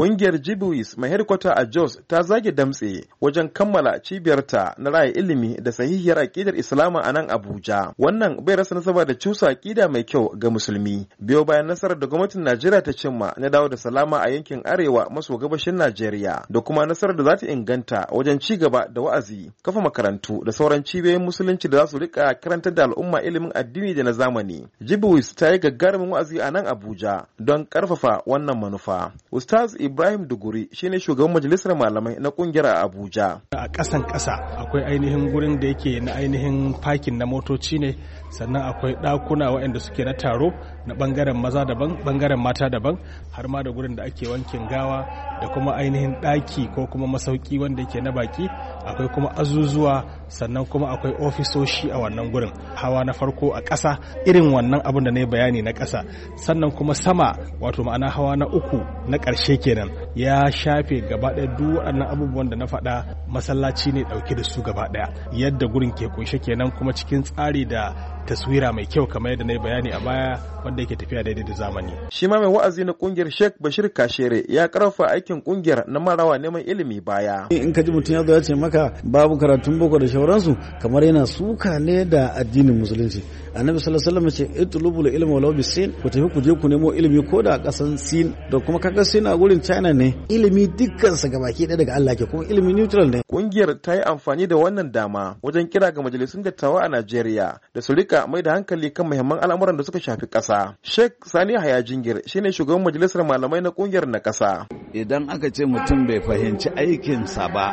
Kungiyar Jibuis mai hedikwata a Jos ta zage damtse wajen kammala cibiyarta na raya ilimi da sahihiyar aƙidar Islama a nan Abuja. Wannan bai rasa nasaba da cusa aƙida mai kyau ga musulmi. Biyo bayan nasarar da gwamnatin Najeriya ta cimma na dawo da salama a yankin arewa maso gabashin Najeriya da kuma nasarar da za ta inganta wajen ci gaba da wa'azi, kafa makarantu da sauran cibiyoyin musulunci da za su rika karantar da al'umma ilimin addini da na zamani. Jibuis ta yi gagarumin wa'azi a nan Abuja don ƙarfafa wannan manufa. Ustaz Ibrahim Duguri shine shugaban majalisar malamai na kungiyar a Abuja. A ƙasan ƙasa akwai ainihin gurin da yake na ainihin fakin na motoci ne sannan akwai ɗakuna waɗanda suke na taro na bangaren maza daban bangaren mata daban har ma da gurin da ake wankin gawa da kuma ainihin ɗaki ko kuma masauki wanda yake na baki akwai kuma azuzuwa sannan kuma akwai ofisoshi a wannan gurin hawa na farko a ƙasa irin wannan abin da na yi bayani na ƙasa sannan kuma sama wato ma'ana hawa na uku na ƙarshe kenan ya shafe gaba ɗaya duk waɗannan abubuwan da na faɗa masallaci ne ɗauke da su gaba ɗaya yadda gurin ke kunshe kenan kuma cikin tsari da taswira mai kyau kamar yadda na yi bayani a baya wanda yake tafiya daidai da zamani. Shi ma mai wa'azi na kungiyar Sheikh Bashir Kashere ya karfafa aikin kungiyar na marawa neman ilimi baya. In ka ji mutum ya zo ya ce maka babu karatun boko da shauransu kamar yana suka ne da addinin musulunci. Annabi sallallahu alaihi wasallam ya ce itlubul ilma walau bi sin ku tafi ku je ku nemo ilimi ko da kasan sin da kuma kaga sin a gurin China ne. Ilimi dukkan sa gabaki ɗaya daga Allah ke kuma ilimi neutral ne. Kungiyar ta yi amfani da wannan dama wajen kira ga majalisun dattawa a Najeriya da su rika da mai da hankali kan muhimman al'amuran da suka shafi ƙasa. Sheikh Sani Haya Jingir shine shugaban majalisar malamai na ƙungiyar na ƙasa. Idan aka ce mutum bai fahimci aikinsa ba,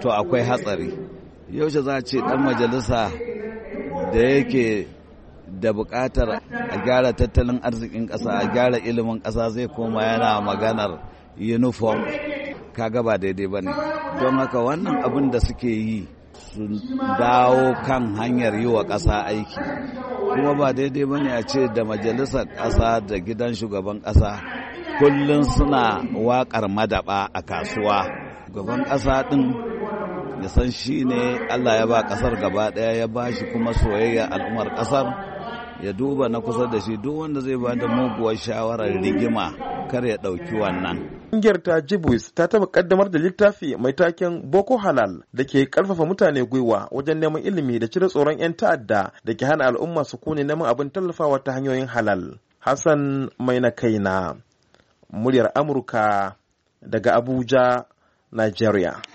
to akwai hatsari. Yaushe za a ce ɗan majalisa da yake da buƙatar a gyara tattalin arzikin ƙasa, a gyara ilimin ƙasa zai koma yana maganar uniform kaga ba daidai ba ne. Don haka wannan abin da suke yi su dawo kan hanyar yi wa ƙasa aiki kuma ba daidai ba ne a ce da majalisar ƙasa da gidan shugaban ƙasa kullum suna waƙar madaba a kasuwa gaban ƙasa ɗin ya san shi ne allah ya ba ƙasar gaba ɗaya ya ba shi kuma soyayya al'ummar ƙasar ya duba na kusa da shi duk wanda zai ba da muguwar shawarar rigima kar ya ɗauki wannan. Ƙungiyar ta Jibwis ta taɓa ƙaddamar da littafi mai taken Boko Halal da ke ƙarfafa mutane gwiwa wajen neman ilimi da cire tsoron 'yan ta'adda da ke hana al'umma su kone neman abin tallafawa ta hanyoyin halal. Hassan mai na kaina, muryar Amurka daga Abuja, Nigeria.